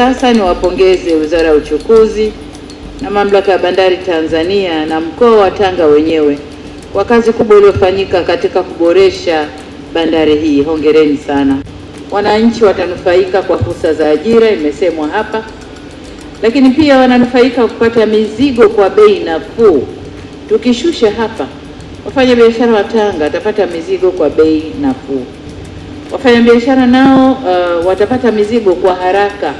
Sasa niwapongeze Wizara ya Uchukuzi na Mamlaka ya Bandari Tanzania na mkoa wa Tanga wenyewe kwa kazi kubwa iliyofanyika katika kuboresha bandari hii. Hongereni sana. Wananchi watanufaika kwa fursa za ajira, imesemwa hapa, lakini pia wananufaika kupata mizigo kwa bei nafuu. Tukishusha hapa, wafanyabiashara wa Tanga watapata mizigo kwa bei nafuu. Wafanyabiashara nao uh, watapata mizigo kwa haraka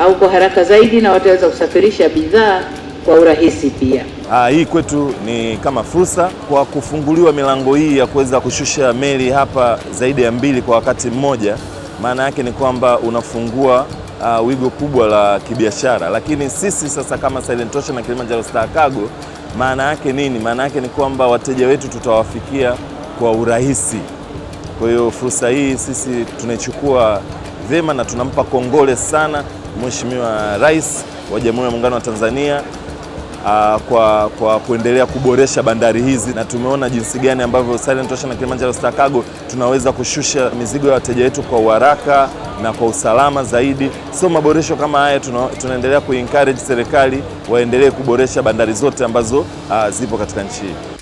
au kwa haraka zaidi, na wataweza kusafirisha bidhaa kwa urahisi pia. Aa, ah, hii kwetu ni kama fursa kwa kufunguliwa milango hii ya kuweza kushusha meli hapa zaidi ya mbili kwa wakati mmoja. Maana yake ni kwamba unafungua uh, wigo kubwa la kibiashara, lakini sisi sasa kama Silent Ocean na Kilimanjaro Star Cargo, maana yake nini? Maana yake ni kwamba wateja wetu tutawafikia kwa urahisi. Kwa hiyo fursa hii sisi tunaichukua vema na tunampa kongole sana Mheshimiwa Rais wa Jamhuri ya Muungano wa Tanzania Uh, kwa, kwa kuendelea kuboresha bandari hizi na tumeona jinsi gani ambavyo Silent Ocean na Kilimanjaro Star Cargo tunaweza kushusha mizigo ya wateja wetu kwa uharaka na kwa usalama zaidi. So maboresho kama haya tuna, tunaendelea kuencourage serikali waendelee kuboresha bandari zote ambazo uh, zipo katika nchi hii.